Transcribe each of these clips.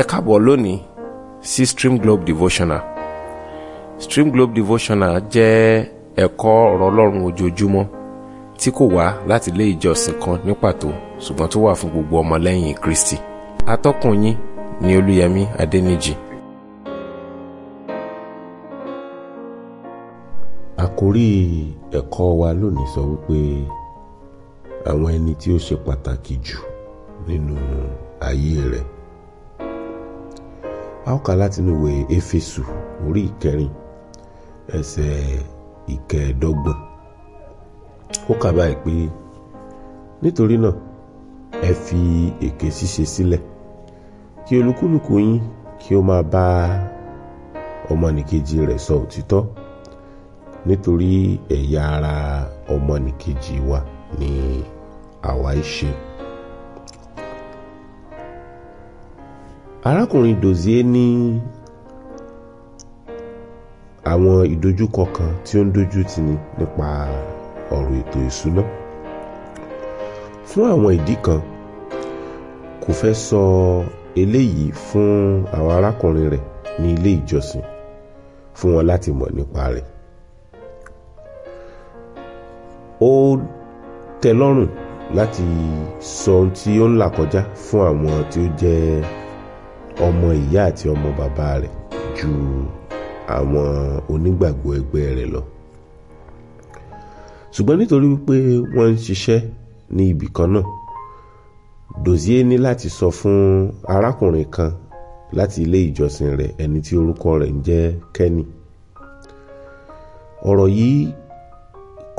ẹ káàbọ̀ lónìí sí Stream Globe Devotional Stream Globe Devotional jẹ́ ẹ̀kọ́ ọ̀rọ̀ ọlọ́run ojoojúmọ́ tí kò wá láti ilé ìjọsìn kan ní pàtó ṣùgbọ́n tó wà fún gbogbo ọmọlẹ́yìn Kristi atọ́kùn yín ni Olúyẹmí Adẹ́nìjì. àkórí ẹ̀kọ́ wa lónìí sọ wípé àwọn ẹni tí ó ṣe pàtàkì jù nínú ayé rẹ̀ a ó kà láti inú ìwé éfésù orí ìkẹrin ẹsẹ̀ ìkẹẹ̀ẹ́dọ́gbọ̀n ó kà báyìí pé nítorí náà ẹ fi èké ṣíṣe sílẹ̀ kí olúkúlùkù yín kí ó máa bá ọmọnìkejì rẹ̀ sọ òtítọ́ nítorí ẹ̀yà ara ọmọnìkejì wa ni àwa í ṣe. arákùnrin Dozie ní àwọn ìdojúkọ kan tí ó ń dojú tì ní nípa ọ̀rọ̀ ètò ìsúná fún àwọn ìdí kan kò fẹ́ sọ eléyìí fún àwọn arákùnrin rẹ̀ ní ilé ìjọsìn fún wọn láti mọ̀ nípa rẹ̀ ó tẹ́ lọ́rùn láti sọ ohun tí ó ń là kọjá fún àwọn tí ó jẹ́ ọmọ ìyá àti ọmọ bàbá rẹ̀ ju àwọn onígbàgbọ́ ẹgbẹ́ rẹ̀ lọ ṣùgbọ́n nítorí wípé wọ́n ń ṣiṣẹ́ ní ibì kan náà Dozie ní láti sọ fún arákùnrin kan láti ilé ìjọsìn rẹ̀ ẹni tí orúkọ rẹ̀ ń jẹ́ Kenny ọ̀rọ̀ yìí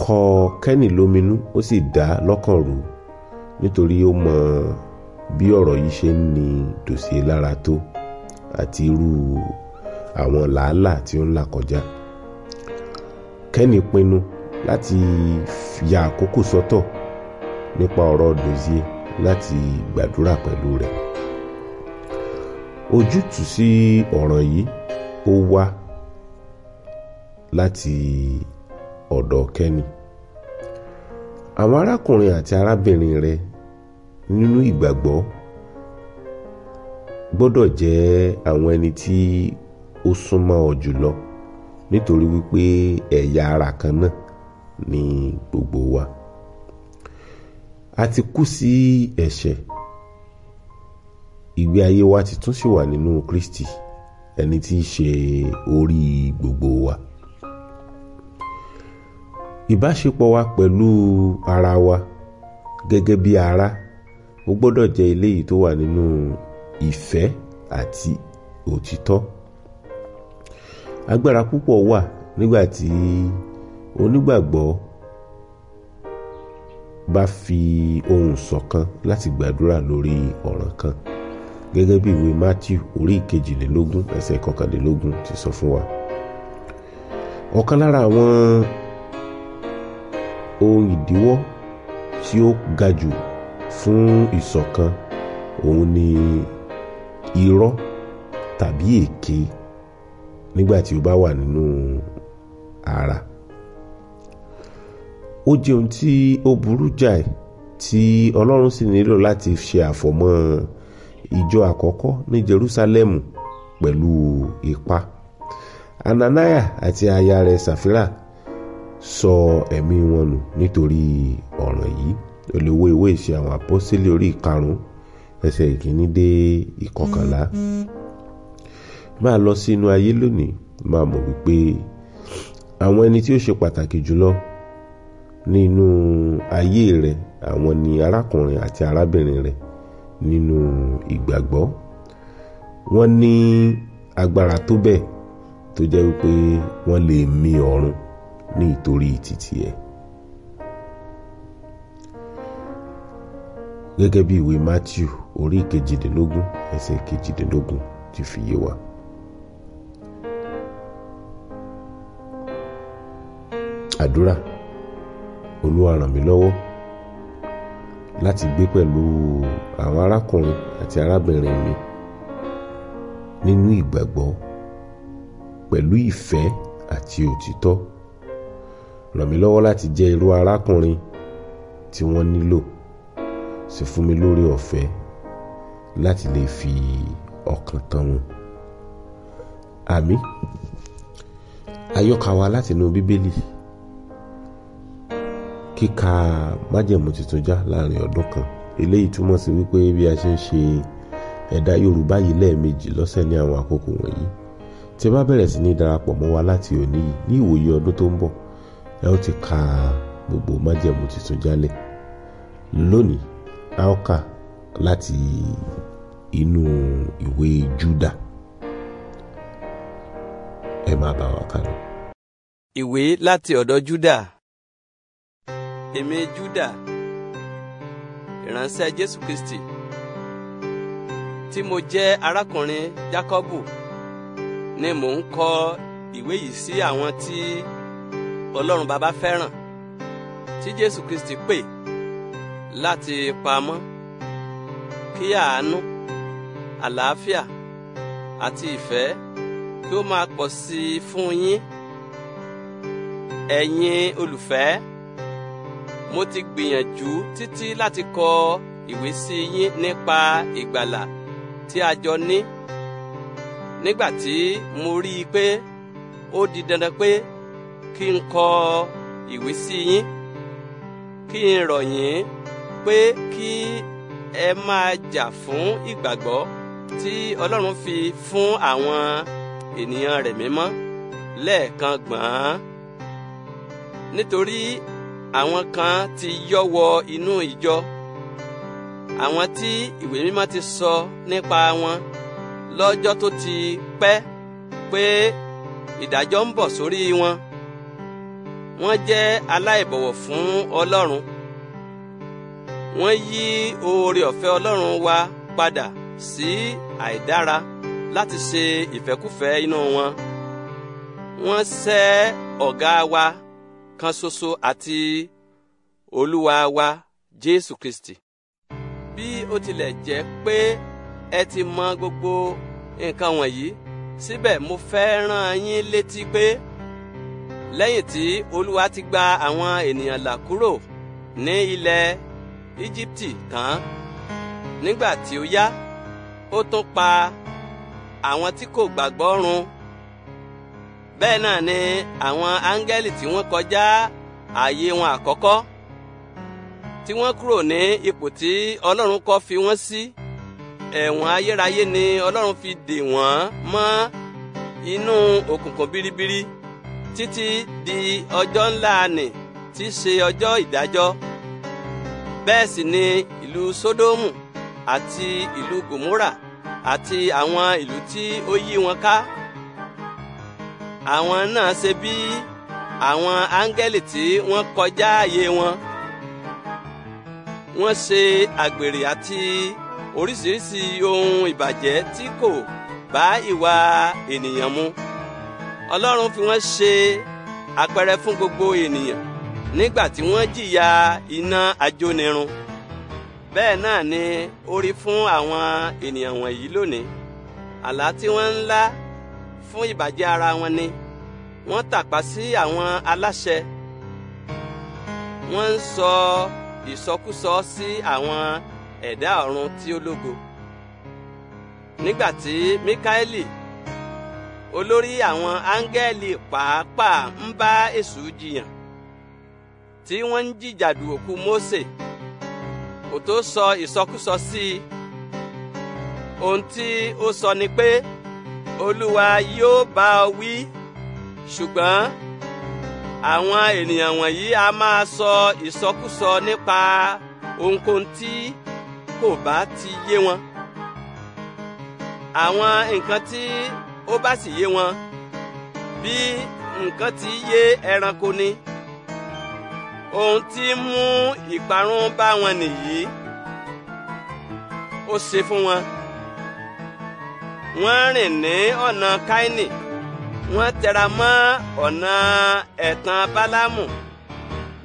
kọ Kenny lóminú ó sì dá lọ́kàn rú nítorí ó mọ bí ọ̀rọ̀ yìí ṣe ń ni Dòṣe lára tó àti irú àwọn làálàá tí ó ń là kọjá Kẹ́ni pinnu láti ya àkókò sọ́tọ̀ nípa ọ̀rọ̀ Dòṣe láti gbàdúrà pẹ̀lú rẹ̀ ojútùú sí ọ̀ràn yìí ó wá láti ọ̀dọ̀ Kẹ́ni àwọn arákùnrin àti arábìnrin rẹ̀ nínú ìgbàgbọ́ gbọ́dọ̀ jẹ́ àwọn ẹni tí ó súnmọ́ ọ jùlọ nítorí wípé ẹ̀yà ara kan náà ni gbogbo wa a ti kú sí ẹ̀ṣẹ̀ ìgbé ayé wa ti tún sì wà nínú Kristi ẹni tí í ṣe orí gbogbo wa ìbáṣepọ̀ wa pẹ̀lú ara wa gẹ́gẹ́ bí ara ó gbọ́dọ̀ jẹ́ eléyìí tó wà nínú ìfẹ́ àti òtítọ́ agbára púpọ̀ wà nígbà tí onígbàgbọ́ bá fi ohùn ṣọ̀kan láti gbàdúrà lórí ọ̀ràn kan gẹ́gẹ́ bí ìwé Matthew orí ìkejìlélógún ẹsẹ̀ kọkànlélógún ti sọ fún wa ọ̀kan lára àwọn ohun ìdíwọ́ tí ó ga jù fún ìṣọ̀kan òun ni irọ́ tàbí èké nígbà tí ó bá wà nínú ara ó jẹ́ ohun tí ó burú jáì tí ọlọ́run sì nílò láti ṣe àfọ̀mọ́ ìjọ àkọ́kọ́ ní Jerúsálẹ́mù pẹ̀lú ipá Ananaya àti aya rẹ̀ Sàfírà sọ ẹ̀mí wọn nù nítorí ọ̀ràn yìí o lè wo ìwé ìṣe àwọn àpọ́sítélì orí ìkarùn-ún ẹsẹ̀ ìkíní dé ìkọkànlá máa lọ sínú ayé lónìí máa mọ̀ wípé àwọn ẹni tí ó ṣe pàtàkì jùlọ nínú ayé rẹ àwọn ni arákùnrin àti arábìnrin rẹ nínú ìgbàgbọ́ wọ́n ní agbára tó bẹ́ẹ̀ tó jẹ́ wípé wọ́n lè mì ọ̀run ní ìtorí títì ẹ̀. gẹ́gẹ́ bí ìwé matthew orí kejìdínlógún ẹsẹ̀ kejìdínlógún ti fi yé wa. àdúrà olúwa ràn mí lọ́wọ́ láti gbé pẹ̀lú àwọn arákùnrin àti arábìnrin mi nínú ìgbàgbọ́ pẹ̀lú ìfẹ́ àti òtítọ́ ràn mí lọ́wọ́ láti jẹ́ irú arákùnrin tí wọ́n nílò sì fún mi lórí ọ̀fẹ́ láti lè fi ọkàn tán wọn. àmín àyọkà wa látinú bíbélì kíka májẹ̀mú tuntun já láàrin ọdún kan eléyìí túmọ̀ sí wípé bí a ṣe ń ṣe ẹ̀dá yorùbá yìí lẹ́ẹ̀mejì lọ́sẹ̀ ní àwọn àkókò wọ̀nyí tí ẹ bá bẹ̀rẹ̀ sí ní darapọ̀ mọ́ wa láti òní yìí ní ìwòye ọdún tó ń bọ̀ ẹ ó ti ka gbogbo májẹ̀mú tuntun jálẹ̀ lónìí Aoka, ó kà láti inú ìwé Júdà ẹ máa bá wa kà lọ. ìwé láti ọ̀dọ̀ Júdà èmi Júdà ìránṣẹ́ Jésù Kristi tí mo jẹ́ arákùnrin Jákọ́bù ni mò ń kọ ìwé yìí sí àwọn tí Ọlọ́run bàbá fẹ́ràn tí Jésù Kristi pè é láti pamọ́ kí àánú àlàáfíà àti ìfẹ́ kí ó máa pọ̀ sí i fún yín ẹ̀yin olùfẹ́ mo ti gbìyànjú títí láti kọ ìwé sí yín nípa ìgbàlà tí a jọ ní nígbà tí mo rí i pé ó di dandan pé kí n kọ ìwé sí yín kí n rọ̀ pé kí ẹ máa jà fún ìgbàgbọ́ tí Ọlọ́run fi fún àwọn ènìyàn rẹ̀ mímọ́ lẹ́ẹ̀kan gbọ̀n. nítorí àwọn kan ti yọ́ wọ inú ìjọ àwọn tí ìwé mímọ́ ti sọ nípa wọn lọ́jọ́ tó ti pẹ́ pé ìdájọ́ ń bọ̀ sórí wọn wọ́n jẹ́ aláìbọ̀wọ̀ fún Ọlọ́run wọ́n yí oore ọ̀fẹ́ Ọlọ́run wa padà sí àìdára láti ṣe ìfẹ́kúfẹ́ inú wọn wọ́n sẹ́ ọ̀gá wa kan ṣoṣo àti olúwa wa Jésù Kristi bí ó tilẹ̀ jẹ́ pé ẹ ti mọ gbogbo nǹkan wọ̀nyí síbẹ̀ mo fẹ́ rán yín létí pé lẹ́yìn tí olúwa ti gba àwọn ènìyàn là kúrò ní ilẹ̀ íjíbítì tán nígbà tí ó yá ó tún pa àwọn tí kò gbàgbọ́ run bẹ́ẹ̀ náà ni àwọn áńgẹ́lì tí wọ́n kọjá ààyè wọn àkọ́kọ́ tí wọ́n kúrò ní ipò tí ọlọ́run kọ́ fi wọ́n sí ẹ̀wọ̀n ayérayé ni ọlọ́run fi dè wọ́n mọ́ inú òkùnkùn biribiri títí di ọjọ́ ńlá nì tí í ṣe ọjọ́ ìdájọ́ bẹ́ẹ̀ sì ni ìlú sódómù àti ìlú gòmórà àti àwọn ìlú tí ó yí wọn ká àwọn náà ṣe bí àwọn áńgẹ́lì tí wọ́n kọjá ààyè wọn wọ́n ṣe àgbèrè àti oríṣiríṣi ohun ìbàjẹ́ tí kò bá ìwà ènìyàn mu ọlọ́run fi wọ́n ṣe àpẹẹrẹ fún gbogbo ènìyàn nígbà tí wọ́n jìyà iná ajónirun bẹ́ẹ̀ náà ni ó rí fún àwọn ènìyàn wọ̀nyí lónìí àlá tí wọ́n ń lá fún ìbàjẹ́ ara wọn ni wọ́n tàpá sí àwọn aláṣẹ wọ́n ń sọ ìsọkúsọ sí àwọn ẹ̀dá ọ̀run tí ó lógo nígbà tí olórí àwọn áńgẹ́lì pàápàá ń bá Èṣù jiyàn tí wọ́n ń jìjàdù òkú Mósè kò tó sọ ìsọkúsọ sí i ohun tí ó sọ ni pé Olúwa yóò bá ọ wí ṣùgbọ́n àwọn ènìyàn wọ̀nyí a máa sọ ìsọkúsọ nípa ohunkóhun tí kò bá ti yé wọn àwọn nǹkan tí ó bá sì yé wọn bí nǹkan ti yé ẹranko ni ohun tí mú ìparun bá wọn nìyí ó ṣe fún wọn wọ́n rìn ní ọ̀nà káínì wọ́n tẹra mọ́ ọ̀nà ẹ̀tàn bálámù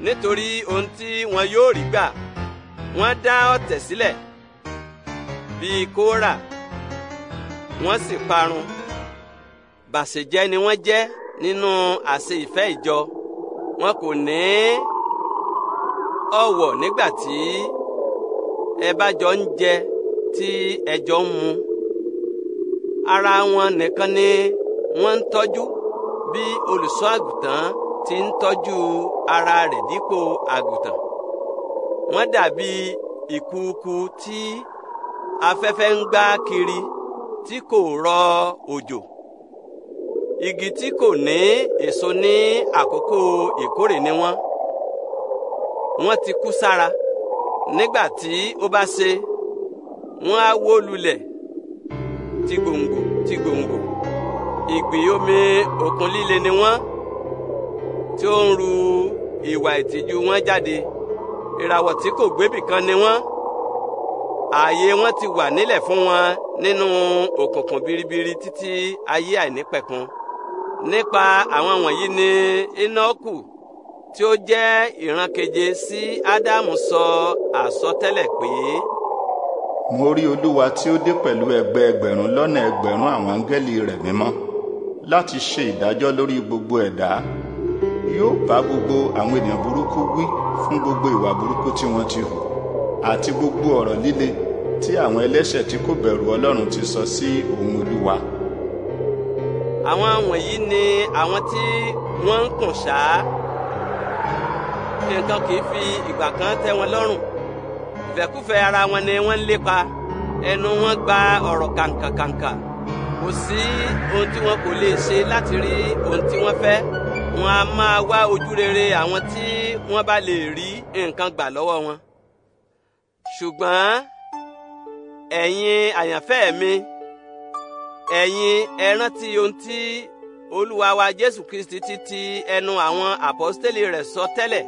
nítorí ohun tí wọn yóò rí gbà wọ́n dá ọ̀tẹ̀ sílẹ̀ bíi kóra wọ́n sì parun bàṣẹjẹ́ ni wọ́n jẹ́ nínú àṣẹ ìfẹ́ ìjọ wọn kò ní ọ̀wọ̀ nígbà tí ẹ bá jọ ń jẹ tí ẹ jọ ń mu ara wọn nìkan ni wọ́n ń tọ́jú bí olùṣọ́ àgùntàn ti ń tọ́jú ara rẹ̀ dípò àgùntàn wọ́n dàbí ìkùukù tí afẹ́fẹ́ ń gbá kiri tí kò rọ òjò igi tí kò ní èso ní àkókò ìkórè ni wọ́n. E wọ́n ti kú sára nígbà tí ó bá ṣe wọ́n á wó lulẹ̀ ti gbòǹgbò ti gbòǹgbò ìgbì omi òkun líle ni wọ́n tí ó ń ru ìwà ìtìjú wọn jáde ìràwọ̀ tí kò gbébì kan ni wọ́n ààyè wọn ti wà nílẹ̀ fún wọn nínú òkùnkùn biribiri títí ayé àìnípẹ̀kun nípa àwọn wọ̀nyí ni Énọ́kù tí ó jẹ́ ìran keje sí Ádámù sọ àsọtẹ́lẹ̀ pé. mo rí olúwa tí ó dé pẹ̀lú ẹgbẹ́ ẹgbẹ̀rún lọ́nà ẹgbẹ̀rún àwọn áńgẹ́lì rẹ̀ mímọ́ láti ṣe ìdájọ́ lórí gbogbo ẹ̀dá yóò bá gbogbo àwọn ènìyàn burúkú wí fún gbogbo ìwà burúkú tí wọ́n ti hù àti gbogbo ọ̀rọ̀ líle tí àwọn ẹlẹ́ṣẹ̀ tí kò bẹ̀rù Ọlọ́run ti sọ sí òun olúwa. àwọn wọ̀nyí ni àwọn tí wọ́n ń kùn ṣáá òfin nǹkan kì í fi ìgbà kan tẹ́ wọn lọ́rùn ìfẹ́kúfẹ́ ara wọn ni wọ́n ń lépa ẹnu wọn gba ọ̀rọ̀ kàǹkàkàǹkà kò sí ohun tí wọn kò lè ṣe láti rí ohun tí wọ́n fẹ́ wọn a máa wá ojú rere àwọn tí wọ́n bá lè rí nǹkan gbà lọ́wọ́ wọn. ṣùgbọ́n ẹ̀yin àyànfẹ́ mi ẹ̀yin ẹ ohun tí olúwa wa jésù kristi ti ti ẹnu àwọn àpọ́stélì rẹ̀ sọ tẹ́lẹ̀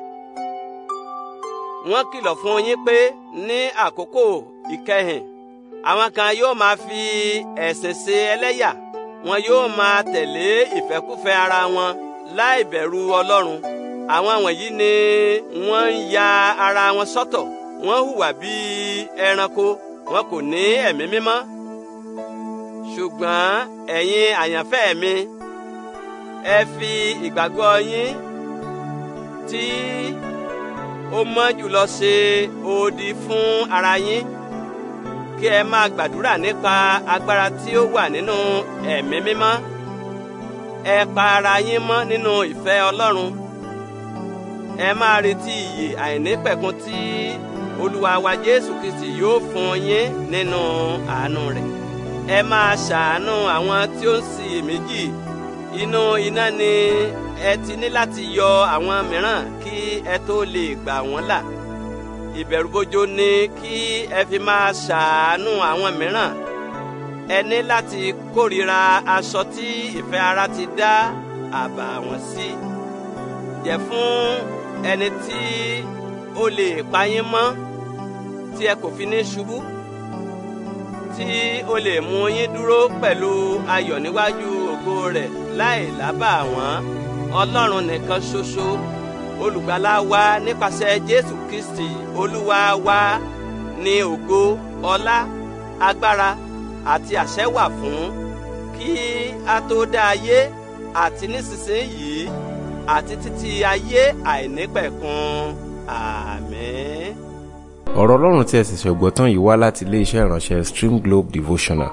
wọ́n kìlọ̀ fún yín pé ní àkókò ìkẹyìn àwọn kan yóò máa fi ẹ̀sìn ṣe ẹlẹ́yà wọn yóò máa tẹ̀lé ìfẹ́kúfẹ́ ara wọn láì bẹ̀rù ọlọ́run àwọn wọ̀nyí ni wọ́n ń ya ara wọn sọ́tọ̀ wọ́n hùwà bíi ẹranko wọn kò ní ẹ̀mí mímọ́ ṣùgbọ́n ẹ̀yin àyànfẹ́ mi ẹ fi ìgbàgbọ́ yín tí ó mọ́ jùlọ ṣe odi fún ara yín kí ẹ máa gbàdúrà nípa agbára tí ó wà nínú ẹ̀mí mímọ́ ẹ pa ara yín mọ́ nínú ìfẹ́ Ọlọ́run ẹ máa retí ìyè àìnípẹ̀kun tí Olúwa wa Jésù Kristi yóò fún yín nínú àánú rẹ̀ ẹ máa ṣàánú àwọn tí ó ń ṣiyèméjì inú iná ni ẹ ti ní láti yọ àwọn mìíràn kí ẹ tó lè gbà wọ́n là ìbẹ̀rùbojo ni kí ẹ fi máa ṣàánú àwọn mìíràn ẹ ní láti kórìíra aṣọ tí ìfẹ́ ara ti dá àbà wọn sí jẹ́ fún ẹni tí ó lè pa yín mọ́ tí ẹ kò fi ní ṣubú tí ó lè mú yín dúró pẹ̀lú ayọ̀ níwájú ògo rẹ̀ láì lábà wọ́n ọlọ́run nìkan ṣoṣo olùgbàlà wa nípasẹ̀ jésù kristi olúwa wa ní ògo ọlá agbára àti àṣẹ wà fún kí a tó dá ayé àti nísinsìnyí àti títí ayé àìnípẹ̀kun àmín. ọ̀rọ̀ ọlọ́run tí ẹ sì ṣẹ̀gbọ́ tán yìí wá láti iléeṣẹ́ ìránṣẹ́ Stream Globe Devotional